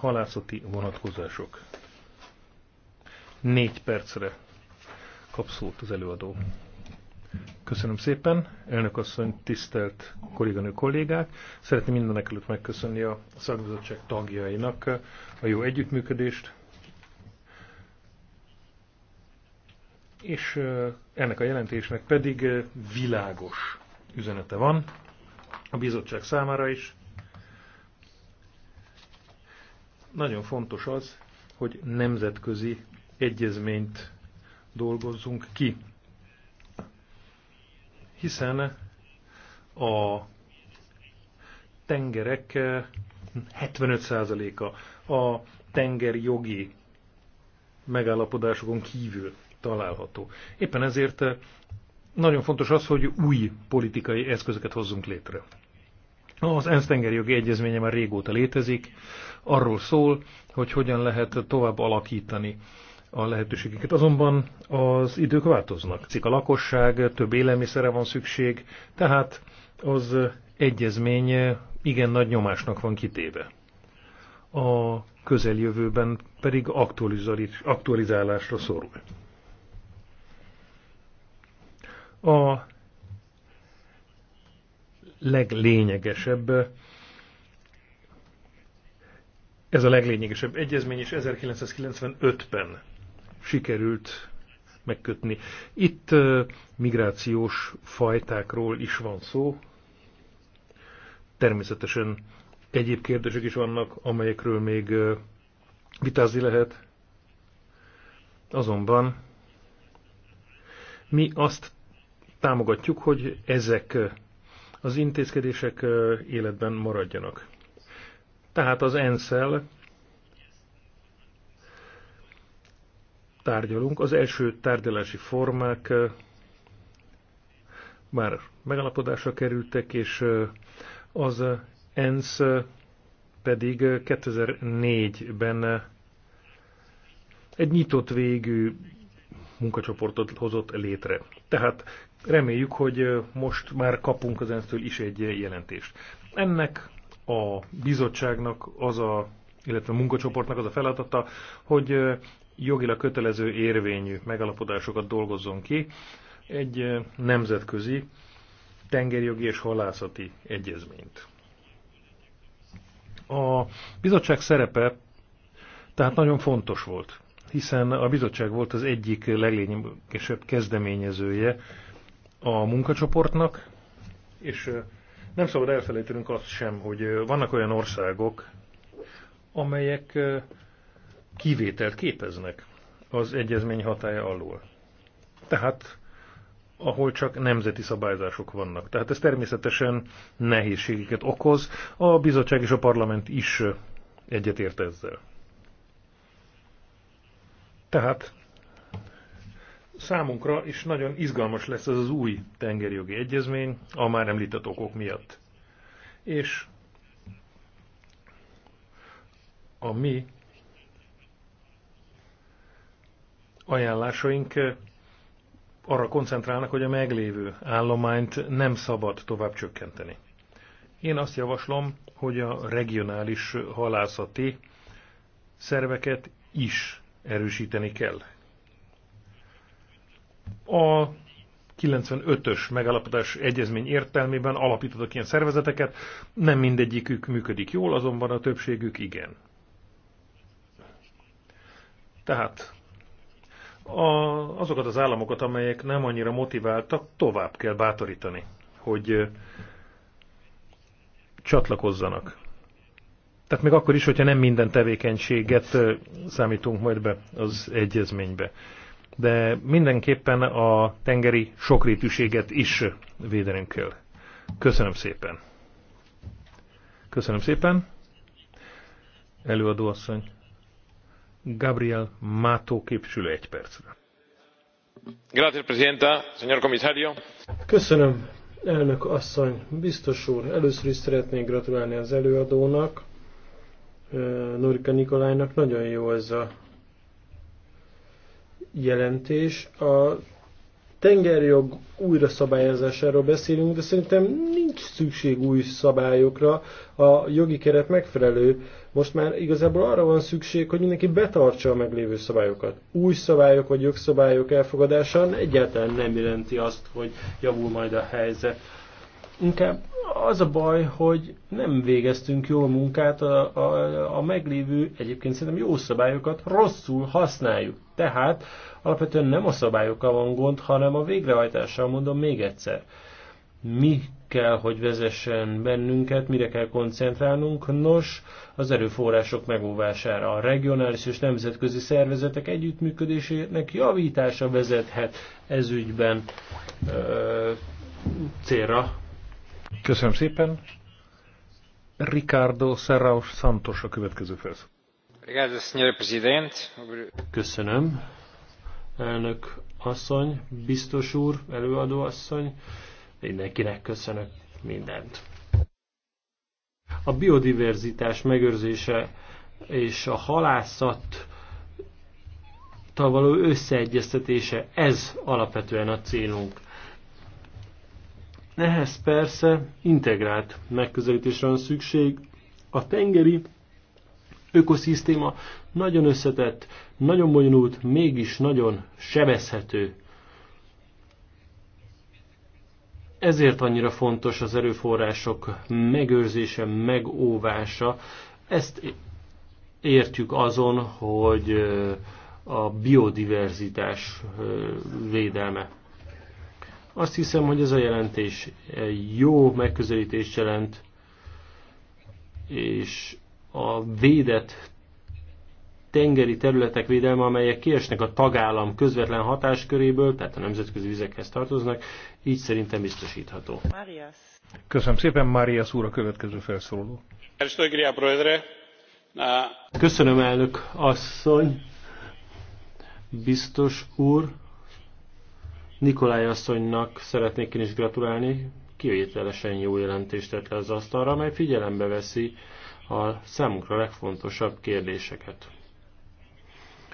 halászati vonatkozások. Négy percre kap szót az előadó. Köszönöm szépen, elnök asszony, tisztelt kolléganő kollégák. Szeretném mindenek előtt megköszönni a szakbizottság tagjainak a jó együttműködést, és ennek a jelentésnek pedig világos üzenete van a bizottság számára is, Nagyon fontos az, hogy nemzetközi egyezményt dolgozzunk ki. Hiszen a tengerek 75%-a eh, a tenger jogi megállapodásokon kívül található. Éppen ezért eh, nagyon fontos az, hogy új politikai eszközöket hozzunk létre. Az ENSZ jogi egyezménye már régóta létezik, arról szól, hogy hogyan lehet tovább alakítani a lehetőségeket. Azonban az idők változnak. Cik a lakosság, több élelmiszerre van szükség, tehát az egyezmény igen nagy nyomásnak van kitéve. A közeljövőben pedig aktualizálásra szorul. A leglényegesebb ez a leglényegesebb egyezmény, és 1995-ben sikerült megkötni. Itt migrációs fajtákról is van szó. Természetesen egyéb kérdések is vannak, amelyekről még vitázni lehet. Azonban mi azt támogatjuk, hogy ezek az intézkedések életben maradjanak. Tehát az ensz tárgyalunk. Az első tárgyalási formák már megalapodásra kerültek, és az ENSZ pedig 2004-ben egy nyitott végű munkacsoportot hozott létre. Tehát reméljük, hogy most már kapunk az ENSZ-től is egy jelentést. Ennek a bizottságnak az a, illetve a munkacsoportnak az a feladata, hogy jogilag kötelező érvényű megalapodásokat dolgozzon ki egy nemzetközi tengerjogi és halászati egyezményt. A bizottság szerepe tehát nagyon fontos volt, hiszen a bizottság volt az egyik leglényegesebb kezdeményezője a munkacsoportnak, és nem szabad elfelejtenünk azt sem, hogy vannak olyan országok, amelyek kivételt képeznek az egyezmény hatája alól. Tehát ahol csak nemzeti szabályzások vannak. Tehát ez természetesen nehézségeket okoz. A bizottság és a parlament is egyetért ezzel. Tehát Számunkra is nagyon izgalmas lesz ez az új tengeri jogi egyezmény a már említett okok miatt. És a mi ajánlásaink eh, arra koncentrálnak, hogy a meglévő állományt nem szabad tovább csökkenteni. Én azt javaslom, hogy a regionális halászati szerveket is erősíteni kell, a 95-ös megállapodás egyezmény értelmében alapítottak ilyen szervezeteket, nem mindegyikük működik jól, azonban a többségük igen. Tehát a, azokat az államokat, amelyek nem annyira motiváltak, tovább kell bátorítani, hogy csatlakozzanak. Tehát még akkor is, hogyha nem minden tevékenységet számítunk majd be az egyezménybe de mindenképpen a tengeri sokrétűséget is védenünk kell. Köszönöm szépen. Köszönöm szépen. Előadó asszony. Gabriel Mato képviselő egy percre. Gracias, Presidenta, señor comisario. Köszönöm, elnök asszony, biztos úr. Először is szeretnék gratulálni az előadónak, Norika Nikolájnak. Nagyon jó ez a jelentés. A tengerjog újra szabályozásáról beszélünk, de szerintem nincs szükség új szabályokra. A jogi keret megfelelő. Most már igazából arra van szükség, hogy mindenki betartsa a meglévő szabályokat. Új szabályok vagy jogszabályok elfogadása egyáltalán nem jelenti azt, hogy javul majd a helyzet Inkább az a baj, hogy nem végeztünk jól munkát, a, a, a meglévő egyébként szerintem jó szabályokat rosszul használjuk. Tehát alapvetően nem a szabályokkal van gond, hanem a végrehajtással mondom még egyszer. Mi kell, hogy vezessen bennünket, mire kell koncentrálnunk? Nos, az erőforrások megóvására, a regionális és nemzetközi szervezetek együttműködésének javítása vezethet ezügyben ö, célra Köszönöm szépen. Ricardo Serraus Santos a következő Köszönöm. Elnök asszony, biztos úr, előadó asszony, mindenkinek köszönök mindent. A biodiverzitás megőrzése és a halászat való összeegyeztetése, ez alapvetően a célunk. Ehhez persze integrált megközelítésre van szükség. A tengeri ökoszisztéma nagyon összetett, nagyon bonyolult, mégis nagyon sebezhető. Ezért annyira fontos az erőforrások megőrzése, megóvása. Ezt értjük azon, hogy a biodiverzitás védelme azt hiszem, hogy ez a jelentés jó megközelítést jelent, és a védett tengeri területek védelme, amelyek kiesnek a tagállam közvetlen hatásköréből, tehát a nemzetközi vizekhez tartoznak, így szerintem biztosítható. Marias. Köszönöm szépen, Marias úr a következő felszóló. Köszönöm, elnök asszony, biztos úr. Nikolaj asszonynak szeretnék én is gratulálni, kivételesen jó jelentést tett le az asztalra, amely figyelembe veszi a számunkra legfontosabb kérdéseket.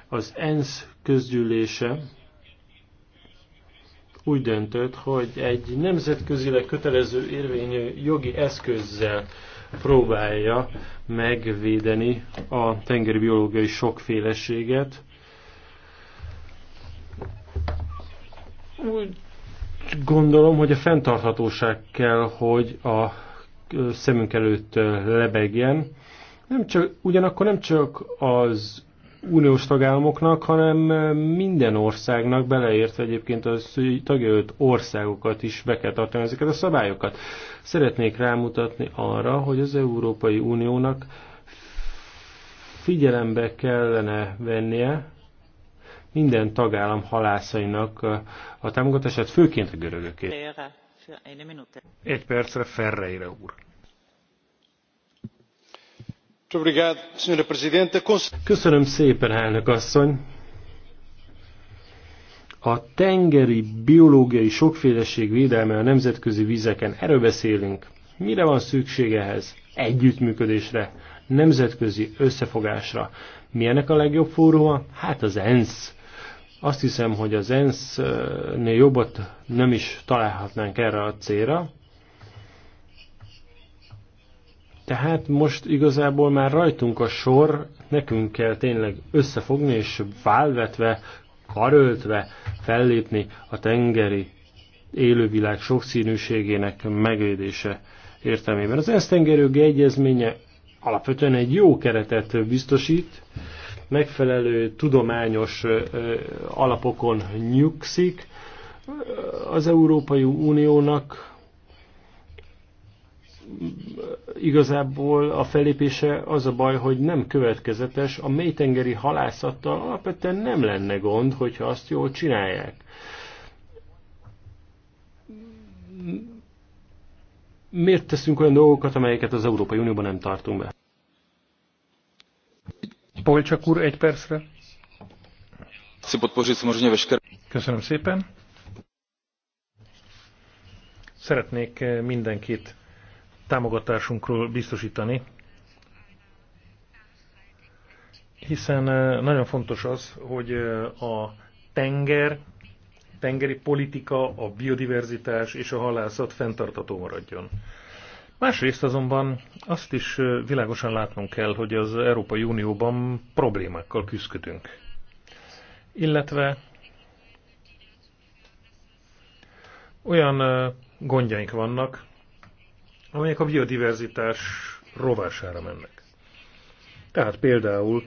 Az ENSZ közgyűlése úgy döntött, hogy egy nemzetközileg kötelező érvényű jogi eszközzel próbálja megvédeni a tengeri biológiai sokféleséget, Úgy gondolom, hogy a fenntarthatóság kell, hogy a szemünk előtt lebegjen. Nem csak, ugyanakkor nem csak az uniós tagállamoknak, hanem minden országnak, beleértve egyébként az tagjelölt országokat is be kell tartani ezeket a szabályokat. Szeretnék rámutatni arra, hogy az Európai Uniónak figyelembe kellene vennie minden tagállam halászainak a támogatását, főként a görögökét. Egy percre Ferreira úr. Köszönöm szépen, elnök asszony! A tengeri biológiai sokféleség védelme a nemzetközi vizeken, erről beszélünk. Mire van szükség ehhez? Együttműködésre, nemzetközi összefogásra. Milyenek a legjobb fóruma? Hát az ENSZ azt hiszem, hogy az ENSZ-nél jobbat nem is találhatnánk erre a célra. Tehát most igazából már rajtunk a sor, nekünk kell tényleg összefogni és válvetve, karöltve fellépni a tengeri élővilág sokszínűségének megvédése értelmében. Az ENSZ tengerőgi egyezménye alapvetően egy jó keretet biztosít, megfelelő tudományos alapokon nyugszik. Az Európai Uniónak igazából a felépése az a baj, hogy nem következetes, a mélytengeri halászattal alapvetően nem lenne gond, hogyha azt jól csinálják. Miért teszünk olyan dolgokat, amelyeket az Európai Unióban nem tartunk be? Polcsak úr, egy percre. Köszönöm szépen. Szeretnék eh, mindenkit támogatásunkról biztosítani, hiszen eh, nagyon fontos az, hogy eh, a tenger, tengeri politika, a biodiverzitás és a halászat fenntartató maradjon. Másrészt azonban azt is világosan látnunk kell, hogy az Európai Unióban problémákkal küzdködünk. Illetve olyan gondjaink vannak, amelyek a biodiverzitás rovására mennek. Tehát például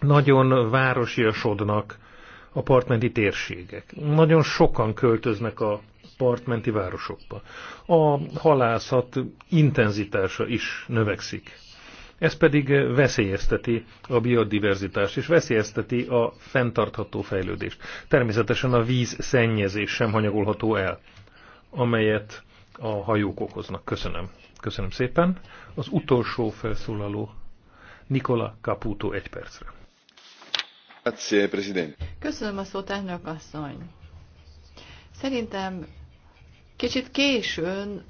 nagyon városiasodnak a partmenti térségek. Nagyon sokan költöznek a partmenti városokba. A halászat intenzitása is növekszik. Ez pedig veszélyezteti a biodiverzitást, és veszélyezteti a fenntartható fejlődést. Természetesen a víz szennyezés sem hanyagolható el, amelyet a hajók okoznak. Köszönöm. Köszönöm szépen. Az utolsó felszólaló Nikola Caputo egy percre. Köszönöm a szót, elnök asszony. Szerintem Kicsit későn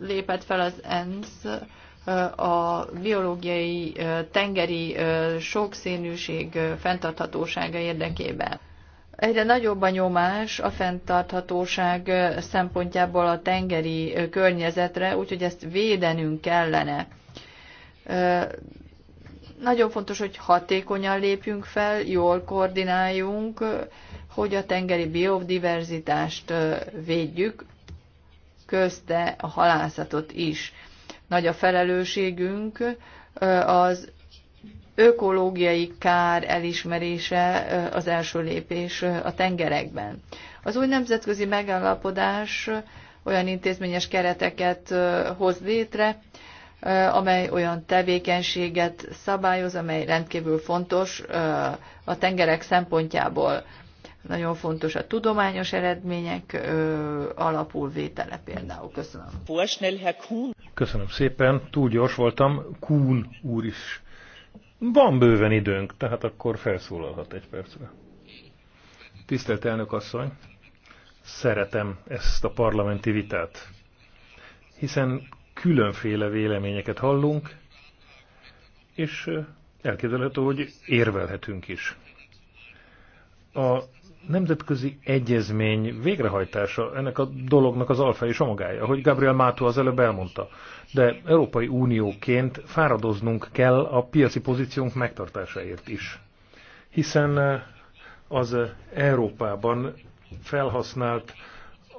lépett fel az ENSZ a biológiai tengeri sokszínűség fenntarthatósága érdekében. Egyre nagyobb a nyomás a fenntarthatóság szempontjából a tengeri környezetre, úgyhogy ezt védenünk kellene nagyon fontos, hogy hatékonyan lépjünk fel, jól koordináljunk, hogy a tengeri biodiverzitást védjük, közte a halászatot is. Nagy a felelősségünk az ökológiai kár elismerése az első lépés a tengerekben. Az új nemzetközi megállapodás olyan intézményes kereteket hoz létre, amely olyan tevékenységet szabályoz, amely rendkívül fontos a tengerek szempontjából. Nagyon fontos a tudományos eredmények alapul vétele például. Köszönöm. Köszönöm szépen, túl gyors voltam. Kuhn úr is. Van bőven időnk, tehát akkor felszólalhat egy percre. Tisztelt elnök asszony, szeretem ezt a parlamenti vitát, hiszen különféle véleményeket hallunk, és elképzelhető, hogy érvelhetünk is. A nemzetközi egyezmény végrehajtása ennek a dolognak az alfa és omegája, ahogy Gabriel Mátó az előbb elmondta. De Európai Unióként fáradoznunk kell a piaci pozíciónk megtartásáért is. Hiszen az Európában felhasznált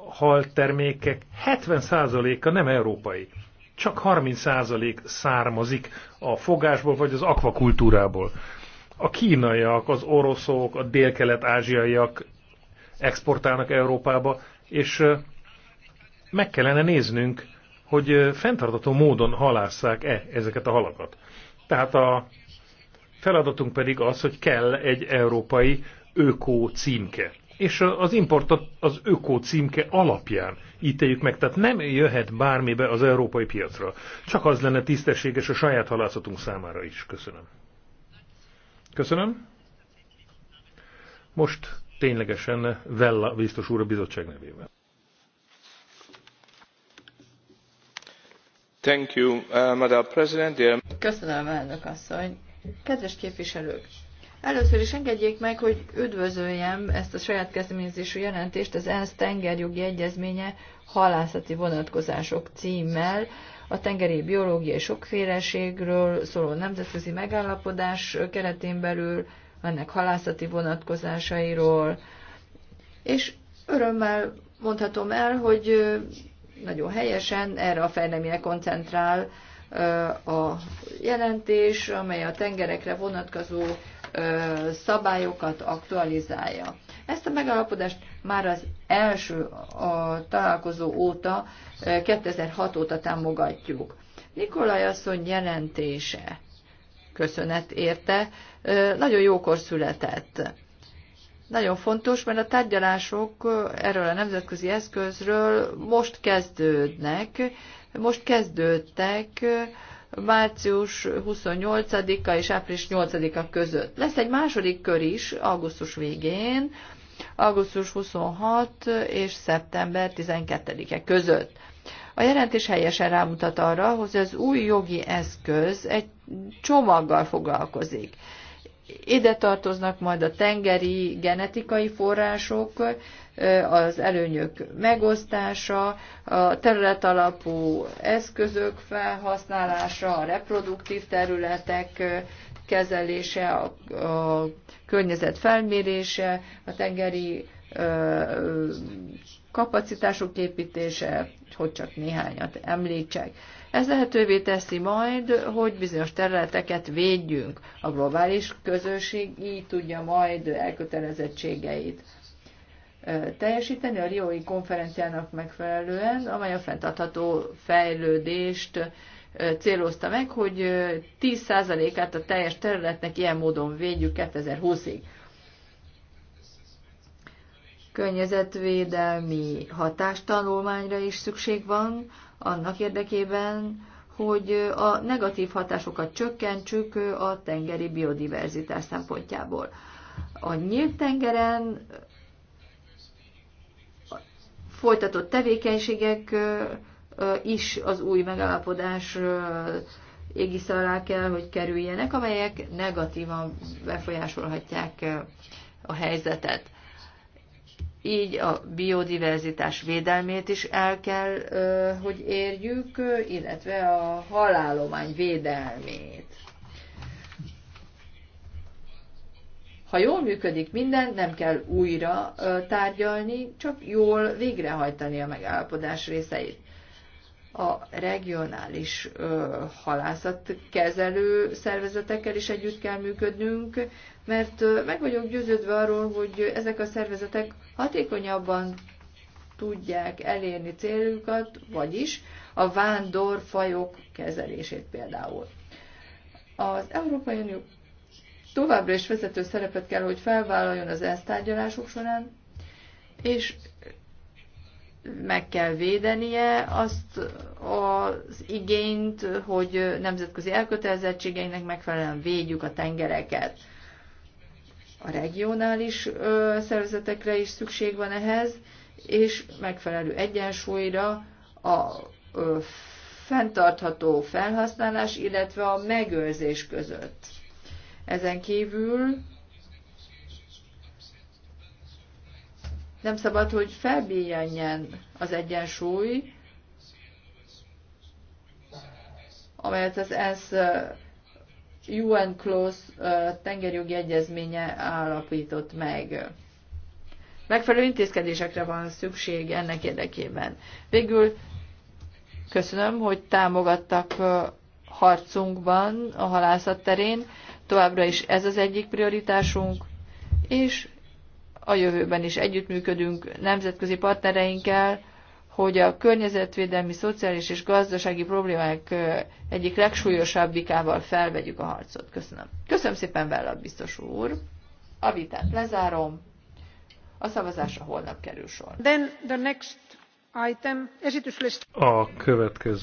haltermékek 70%-a nem európai csak 30% származik a fogásból vagy az akvakultúrából. A kínaiak, az oroszok, a délkelet-ázsiaiak exportálnak Európába, és meg kellene néznünk, hogy fenntartató módon halásszák-e ezeket a halakat. Tehát a feladatunk pedig az, hogy kell egy európai ökó címke és az importot az öko címke alapján ítéljük meg, tehát nem jöhet bármibe az európai piacra. Csak az lenne tisztességes a saját halászatunk számára is. Köszönöm. Köszönöm. Most ténylegesen Vella biztos úr a bizottság nevében. Thank you, uh, Madam President. Dear... Köszönöm, elnök asszony. Kedves képviselők, Először is engedjék meg, hogy üdvözöljem ezt a saját kezdeményezésű jelentést, az ENSZ tengerjogi egyezménye halászati vonatkozások címmel, a tengeri biológiai sokféleségről szóló nemzetközi megállapodás keretén belül, ennek halászati vonatkozásairól, és örömmel mondhatom el, hogy nagyon helyesen erre a fejleményre koncentrál a jelentés, amely a tengerekre vonatkozó szabályokat aktualizálja. Ezt a megállapodást már az első a találkozó óta, 2006 óta támogatjuk. Nikolaj asszony jelentése, köszönet érte, nagyon jókor született. Nagyon fontos, mert a tárgyalások erről a nemzetközi eszközről most kezdődnek, most kezdődtek, március 28-a és április 8-a között. Lesz egy második kör is augusztus végén, augusztus 26 és szeptember 12-e között. A jelentés helyesen rámutat arra, hogy az új jogi eszköz egy csomaggal foglalkozik. Ide tartoznak majd a tengeri genetikai források, az előnyök megosztása, a területalapú eszközök felhasználása, a reproduktív területek kezelése, a, a környezet felmérése, a tengeri ö, kapacitások építése, hogy csak néhányat említsek. Ez lehetővé teszi majd, hogy bizonyos területeket védjünk. A globális közösség így tudja majd elkötelezettségeit teljesíteni a Riói konferenciának megfelelően, amely a fenntartható fejlődést célozta meg, hogy 10%-át a teljes területnek ilyen módon védjük 2020-ig környezetvédelmi hatástanulmányra is szükség van, annak érdekében, hogy a negatív hatásokat csökkentsük a tengeri biodiverzitás szempontjából. A nyílt tengeren folytatott tevékenységek is az új megállapodás égisze alá kell, hogy kerüljenek, amelyek negatívan befolyásolhatják a helyzetet így a biodiverzitás védelmét is el kell, hogy érjük, illetve a halálomány védelmét. Ha jól működik minden, nem kell újra tárgyalni, csak jól végrehajtani a megállapodás részeit a regionális ö, halászatkezelő szervezetekkel is együtt kell működnünk, mert ö, meg vagyok győződve arról, hogy ezek a szervezetek hatékonyabban tudják elérni célukat, vagyis a vándorfajok kezelését például. Az Európai Unió továbbra is vezető szerepet kell, hogy felvállaljon az tárgyalások során, és meg kell védenie azt az igényt, hogy nemzetközi elkötelezettségeinek megfelelően védjük a tengereket. A regionális szervezetekre is szükség van ehhez, és megfelelő egyensúlyra a fenntartható felhasználás, illetve a megőrzés között. Ezen kívül Nem szabad, hogy felbíjenjen az egyensúly, amelyet az ENSZ UN Close tengerjogi egyezménye állapított meg. Megfelelő intézkedésekre van szükség ennek érdekében. Végül köszönöm, hogy támogattak harcunkban a halászat terén. Továbbra is ez az egyik prioritásunk, és a jövőben is együttműködünk nemzetközi partnereinkkel, hogy a környezetvédelmi, szociális és gazdasági problémák egyik legsúlyosabbikával felvegyük a harcot. Köszönöm. Köszönöm szépen, Vella biztos úr. A vitát lezárom. A szavazásra holnap kerül sor. Then the next item, a következő